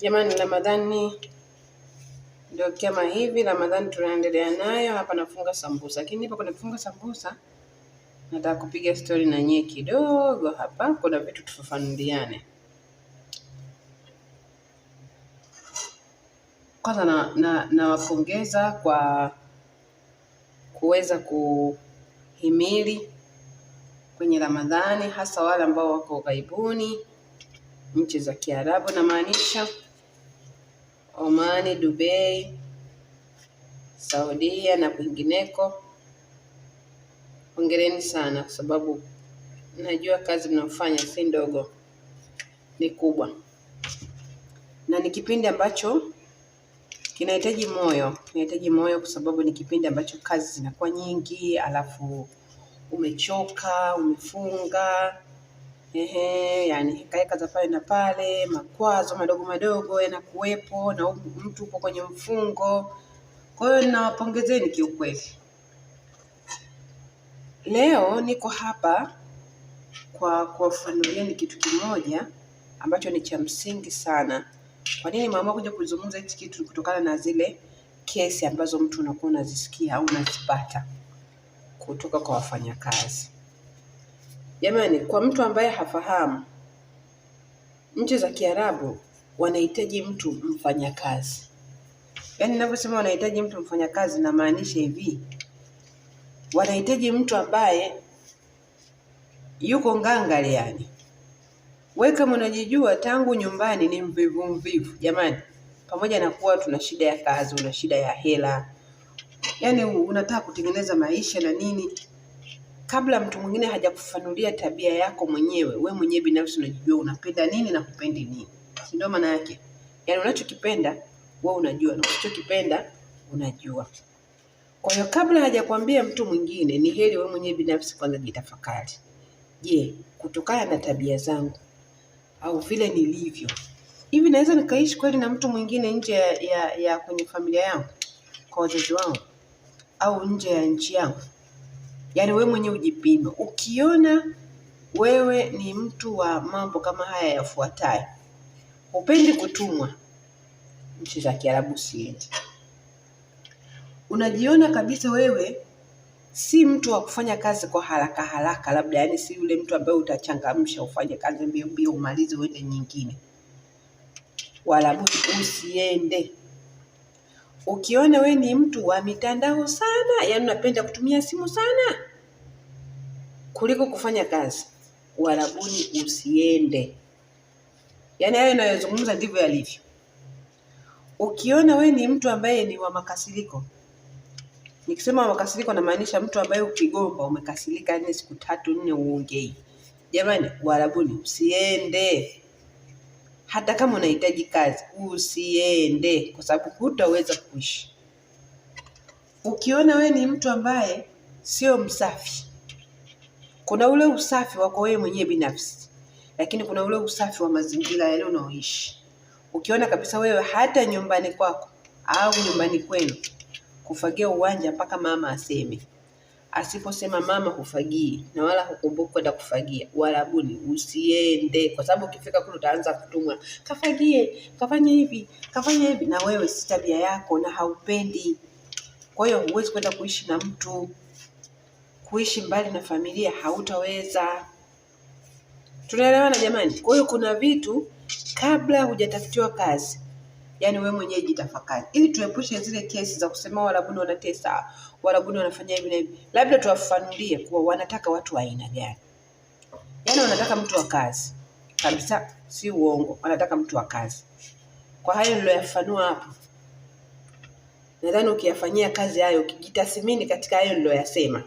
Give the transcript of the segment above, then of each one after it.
Jamani, Ramadhani ndio kama hivi. Ramadhani tunaendelea nayo hapa, nafunga sambusa, lakini nipo kuna kufunga sambusa, nataka kupiga stori na nyie kidogo hapa. Kuna vitu tufafanuliane. Kwanza nawapongeza na, nawapongeza kwa kuweza kuhimili kwenye Ramadhani, hasa wale ambao wako ughaibuni nchi za Kiarabu, namaanisha Omani, Dubai, Saudia na kwingineko. Hongereni sana kwa sababu najua kazi mnayofanya si ndogo, ni kubwa, na ni kipindi ambacho kinahitaji moyo, kinahitaji moyo kwa sababu ni kipindi ambacho kazi zinakuwa nyingi, alafu umechoka, umefunga Ehe, yani hekaheka za pale na pale, makwazo madogo madogo yanakuwepo na mtu uko kwenye mfungo. Kwa hiyo ninawapongezeni kiukweli. Leo niko hapa kwa ni kitu kimoja ambacho ni cha msingi sana. Kwa nini mama kuja kuzungumza hichi kitu? Kutokana na zile kesi ambazo mtu unakuwa unazisikia au unazipata kutoka kwa wafanyakazi. Jamani, kwa mtu ambaye hafahamu, nchi za Kiarabu wanahitaji mtu mfanyakazi. Yaani ninavyosema wanahitaji mtu mfanyakazi, namaanisha hivi, wanahitaji mtu ambaye yuko ngangari. Yani wewe kama unajijua tangu nyumbani ni mvivu mvivu, jamani, pamoja na kuwa tuna shida ya kazi, una shida ya hela, yaani unataka kutengeneza maisha na nini kabla mtu mwingine hajakufanulia tabia yako mwenyewe, we mwenyewe binafsi unajijua unapenda nini na kupendi nini, si ndio? Maana yake yani unachokipenda we unajua na unachokipenda unajua. Kwa hiyo kabla hajakwambia mtu mwingine, ni heri we mwenyewe binafsi kwanza jitafakari. Je, kutokana na tabia zangu au vile nilivyo hivi, naweza nikaishi kweli na mtu mwingine nje ya, ya, ya kwenye familia yangu, kwa wazazi wangu, au nje ya nchi yangu? Yaani wewe mwenyewe ujipime, ukiona wewe ni mtu wa mambo kama haya yafuatayo: hupendi kutumwa, nchi za Kiarabu usiende. Unajiona kabisa wewe si mtu wa kufanya kazi kwa haraka haraka, labda yani si yule mtu ambaye utachangamsha ufanye kazi mbio mbio umalize uende nyingine. wala usiende ukiona we ni mtu wa mitandao sana, yaani unapenda kutumia simu sana kuliko kufanya kazi, Uarabuni usiende. Yaani hayo inayozungumza ndivyo yalivyo. Ukiona we ni mtu ambaye ni wa makasiriko, nikisema wa makasiriko namaanisha mtu ambaye ukigomba umekasirika nne siku tatu nne uongei, jamani, Uarabuni usiende hata kama unahitaji kazi usiende, kwa sababu hutaweza kuishi. Ukiona we ni mtu ambaye sio msafi, kuna ule usafi wako wewe mwenyewe binafsi, lakini kuna ule usafi wa mazingira yale unaoishi. Ukiona kabisa wewe hata nyumbani kwako au nyumbani kwenu kufagia uwanja mpaka mama aseme asiposema mama hufagii na wala hukumbuki kwenda kufagia, Uarabuni usiende, kwa sababu ukifika kule utaanza kutumwa, kafagie, kafanye hivi, kafanye hivi, na wewe si tabia yako na haupendi. Kwa hiyo huwezi kwenda kuishi na mtu, kuishi mbali na familia hautaweza. Tunaelewana jamani? Kwa hiyo kuna vitu kabla hujatafutiwa kazi yani wewe mwenyewe jitafakari, ili tuepushe zile kesi za kusema Warabuni wanatesa, Warabuni wanafanya hivi na hivi. Labda tuwafanulie kuwa wanataka watu wa aina gani. yani wanataka mtu wa kazi kabisa, si uongo, wanataka mtu wa kazi. Kwa hayo niloyafanua hapo, nadhani ukiyafanyia kazi hayo, ukijitathmini katika hayo niloyasema,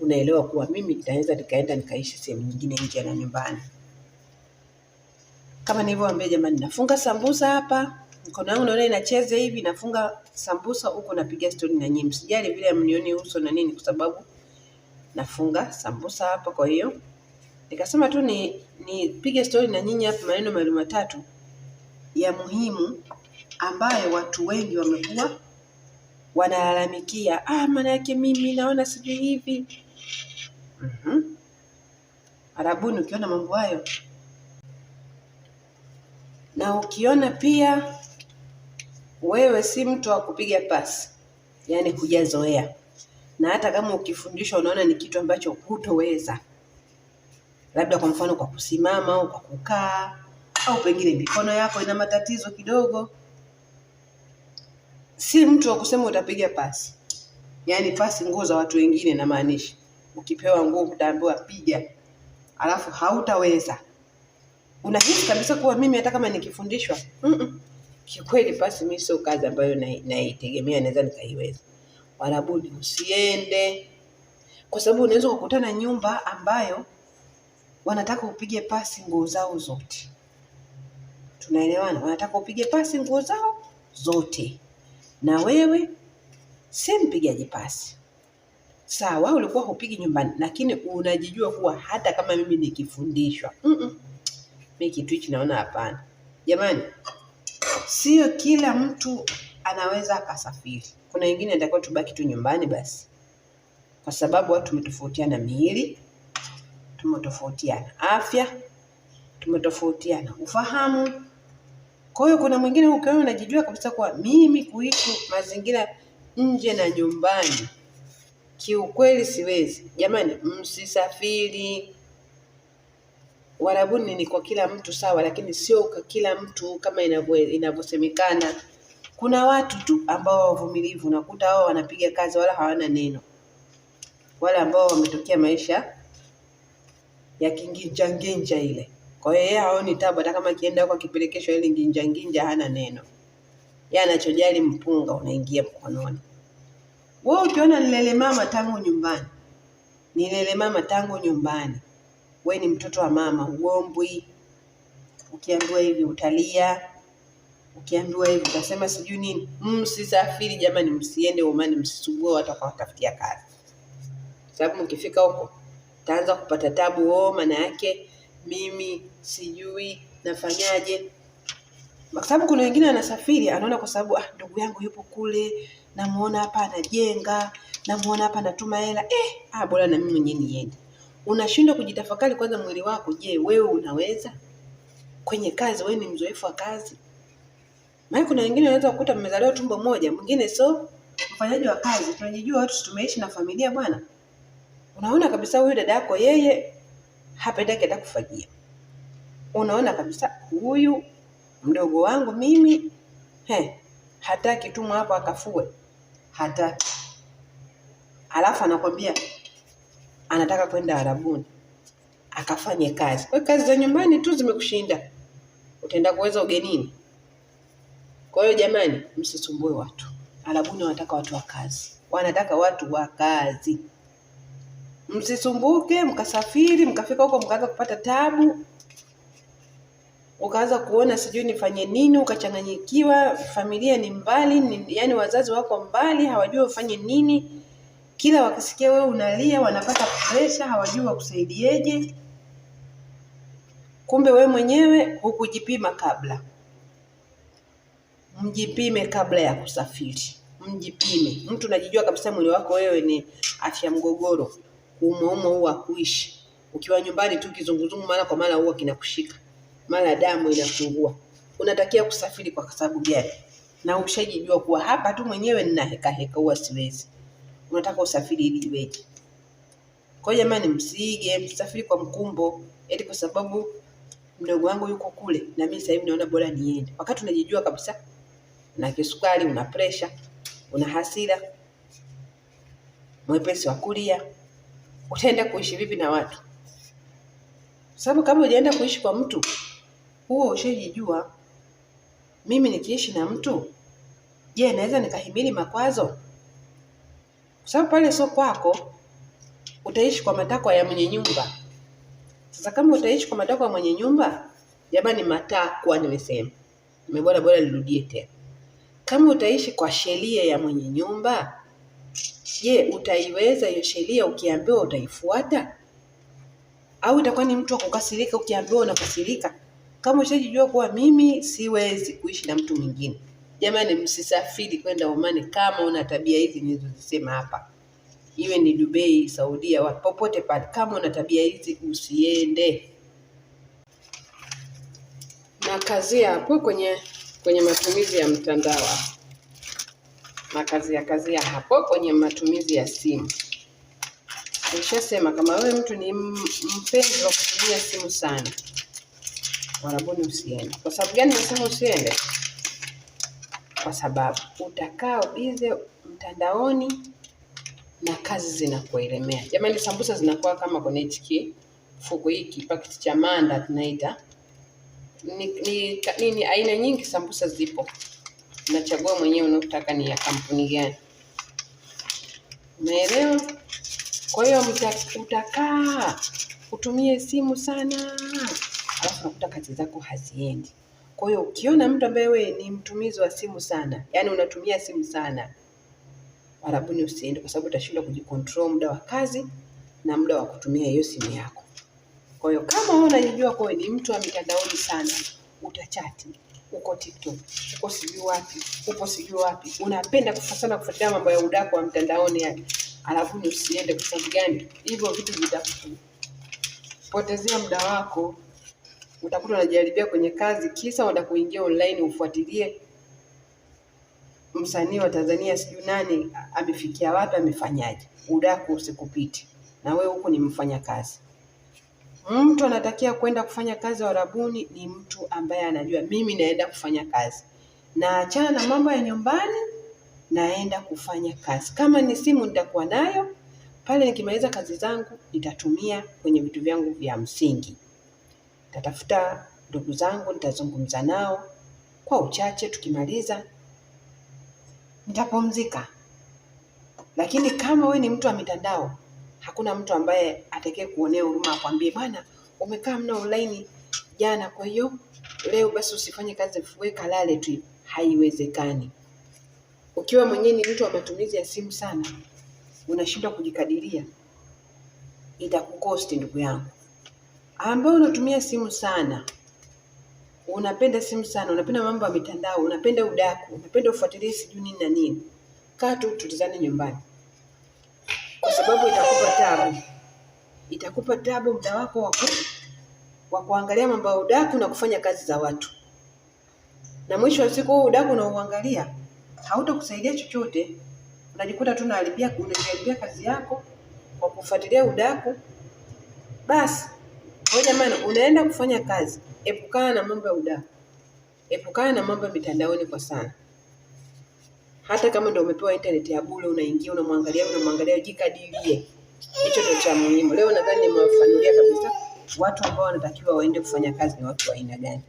unaelewa kuwa mimi nitaweza nikaenda nikaishi sehemu nyingine nje na nyumbani. Kama nilivyowaambia jamani, nafunga sambusa hapa mkono wangu naona inacheza hivi, nafunga sambusa huko napiga stori na nyinyi. Msijali vile mnioni uso na nini, kwa sababu nafunga sambusa hapa. Kwa hiyo nikasema tu ni nipige stori na nyinyi hapa maneno mawili matatu ya muhimu ambayo watu wengi wamekuwa wanalalamikia, ah, maana yake mimi naona siju hivi. mm -hmm. Arabuni ukiona mambo hayo na ukiona pia wewe si mtu wa kupiga pasi, yani hujazoea, na hata kama ukifundishwa unaona ni kitu ambacho hutoweza, labda kwa mfano kwa kusimama au kwa kukaa, au pengine mikono yako ina matatizo kidogo. Si mtu wa kusema utapiga pasi, Yani pasi nguo za watu wengine, namaanisha ukipewa nguo utaambiwa piga, alafu hautaweza. Unahisi kabisa kuwa mimi hata kama nikifundishwa mm -mm. Kikweli pasi mimi sio kazi ambayo naitegemea na naweza nikaiweza. wanabudi usiende, kwa sababu unaweza kukutana nyumba ambayo wanataka upige pasi nguo zao zote. Tunaelewana? Wanataka upige pasi nguo zao zote, na wewe si mpigaji pasi. Sawa, ulikuwa hupigi nyumbani, lakini unajijua kuwa hata kama mimi nikifundishwa, mm -mm. Mimi kitu hichi naona hapana, jamani. Sio kila mtu anaweza akasafiri. Kuna wengine anatakiwa tubaki tu nyumbani basi, kwa sababu watu tumetofautiana miili, tumetofautiana afya, tumetofautiana ufahamu. Kwa hiyo kuna mwingine ukiona unajijua kabisa kuwa mimi kuishi mazingira nje na nyumbani kiukweli siwezi. Jamani, msisafiri. Warabuni ni kwa kila mtu sawa, lakini sio kwa kila mtu kama inavyosemekana. Kuna watu tu ambao wavumilivu, unakuta wao wanapiga kazi wala hawana neno, wale ambao wametokea maisha ya kinginjanginja ile. Kwa hiyo yeye haoni tabu, hata kama akienda huko akipelekeshwa ile nginjanginja, hana neno. Yeye anachojali mpunga unaingia mkononi. Wewe ukiona nilele mama tangu nyumbani, nilele mama tangu nyumbani we ni mtoto wa mama, uombwi. Ukiambiwa hivi utalia, ukiambiwa hivi utasema sijui nini. Msisafiri mm, jamani, msiende Omani, msisumbue watu wakawatafutia kazi, sababu mkifika huko taanza kupata tabu. Oh, maana yake mimi sijui nafanyaje kwa sababu kuna wengine wanasafiri, anaona kwa sababu ah, ndugu yangu yupo kule, namuona hapa anajenga, namuona hapa anatuma hela eh, ah, bora na mimi mwenyewe niende unashindwa kujitafakari kwanza mwili wako. Je, wewe unaweza kwenye kazi? Wewe ni mzoefu wa kazi? Maana kuna wengine wanaweza kukuta mmezaliwa tumbo moja, mwingine so mfanyaji wa kazi. Tunajijua watu tumeishi na familia bwana, unaona kabisa huyu dada yako yeye hapendaki hata kufagia. Unaona kabisa huyu mdogo wangu mimi he, hataki tumwa hapo akafue, hataki, alafu anakwambia anataka kwenda Arabuni akafanye kazi. Kwa kazi za nyumbani tu zimekushinda, utaenda kuweza ugenini? Kwa hiyo jamani, msisumbue watu. Arabuni wanataka watu wa kazi, wanataka watu wa kazi. Msisumbuke mkasafiri mkafika huko mkaanza kupata tabu, ukaanza kuona sijui nifanye nini, ukachanganyikiwa. Familia ni mbali ni, yani wazazi wako mbali, hawajui ufanye nini. Kila wakisikia wewe unalia wanapata presha, hawajui wakusaidieje. Kumbe wewe mwenyewe hukujipima kabla. Mjipime kabla ya kusafiri, mjipime. Mtu unajijua kabisa mwili wako wewe ni afya mgogoro, kuumwaumwa huwa kuishi Ukiwa nyumbani tu kizunguzungu mara kwa mara huwa kinakushika, mara damu inafungua Unatakiwa kusafiri kwa sababu gani? Na ushajijua kuwa hapa tu mwenyewe nina heka heka, huwa siwezi unataka usafiri ili iweje? Kwa hiyo jamani, msiige, msafiri kwa mkumbo, eti kwa sababu mdogo wangu yuko kule na mimi sasa hivi naona bora niende, wakati unajijua kabisa una kisukari, una presha, una hasira, mwepesi wa kulia, utaenda kuishi vipi na watu? Sababu kama ujaenda kuishi kwa mtu huo, ushajijua mimi nikiishi na mtu, je, naweza nikahimili makwazo? kwa sababu pale sio kwako, utaishi kwa matakwa ya mwenye nyumba. Sasa kama utaishi kwa matakwa ya mwenye nyumba, jamani, matakwa nimesema, nimebora bora nirudie tena. Kama utaishi kwa sheria ya mwenye nyumba, je, utaiweza hiyo sheria ukiambiwa utaifuata? Au itakuwa ni mtu wa kukasirika ukiambiwa unakasirika? Kama ushajijua kuwa mimi siwezi kuishi na mtu mwingine Jamani, msisafiri kwenda Omani kama una tabia hizi nilizozisema hapa, iwe ni Dubai, Saudia, popote pale, kama una tabia hizi usiende. Na kazi hapo kwenye kwenye matumizi ya mtandao, na kazi ya kazi ya hapo kwenye matumizi ya simu. Nilishasema kama wewe mtu ni mpenzi wa kutumia simu sana, warabuni usiende. Kwa sababu gani nasema usiende? kwa sababu utakaa bize mtandaoni na kazi zinakuelemea. Jamani, sambusa zinakuwa kama kwenye hiki kifuko hiki pakiti cha manda tunaita ni, ni, ni, aina nyingi sambusa zipo, unachagua mwenyewe unataka ni ya kampuni gani, umeelewa? Kwa hiyo utakaa utumie simu sana, alafu unakuta kazi zako haziendi. Kwa hiyo ukiona mtu ambaye wewe ni mtumizi wa simu sana, yani unatumia simu sana, arabuni usiende, kwa sababu utashindwa kujikontrol muda wa kazi na muda wa kutumia hiyo simu yako. Kwa hiyo kama wewe unajijua kwa ni mtu wa mitandaoni sana, utachati, uko TikTok, uko sijui wapi, uko sijui wapi, unapenda sana kufuatilia mambo ya udaku wa mtandaoni yani, arabuni usiende. Kwa sababu gani? Hivyo vitu vitakupotezea muda wako utakuta unajaribia kwenye kazi, kisa unataka kuingia online ufuatilie msanii wa Tanzania sijui nani amefikia wapi, amefanyaje, udaku usikupite na wewe huko ni mfanya kazi. Mtu anatakia kwenda kufanya kazi warabuni ni mtu ambaye anajua mimi naenda kufanya kazi, na achana na mambo ya nyumbani, naenda kufanya kazi. Kama ni simu nitakuwa nayo pale, nikimaliza kazi zangu nitatumia kwenye vitu vyangu vya msingi. Nitatafuta ndugu zangu, nitazungumza nao kwa uchache, tukimaliza nitapumzika. Lakini kama we ni mtu wa mitandao, hakuna mtu ambaye atakee kuonea huruma akwambie, bwana umekaa mna online jana, kwa hiyo leo basi usifanye kazi, we kalale tu. Haiwezekani. Ukiwa mwenyewe ni mtu wa matumizi ya simu sana, unashindwa kujikadiria, itakukosti ndugu yangu ambao unatumia simu sana, unapenda simu sana, unapenda mambo ya mitandao, unapenda udaku, unapenda ufuatilie sijui nini na nini, kaa tu tulizane nyumbani, kwa sababu itakupa tabu, itakupa tabu muda wako waku wa kuangalia mambo ya udaku na kufanya kazi za watu, na mwisho wa siku udaku unaoangalia hautakusaidia chochote. Unajikuta tu unaharibia unaharibia kazi yako kwa kufuatilia udaku basi. Kwa jamani, unaenda kufanya kazi, epukana na mambo ya udaa, epukana na mambo ya mitandaoni kwa sana. Hata kama ndio umepewa internet ya bure, unaingia unamwangalia, unamwangalia, jikadirie. Hicho ndio cha muhimu. Leo nadhani nimewafanulia kabisa watu ambao wanatakiwa waende kufanya kazi ni watu wa aina gani.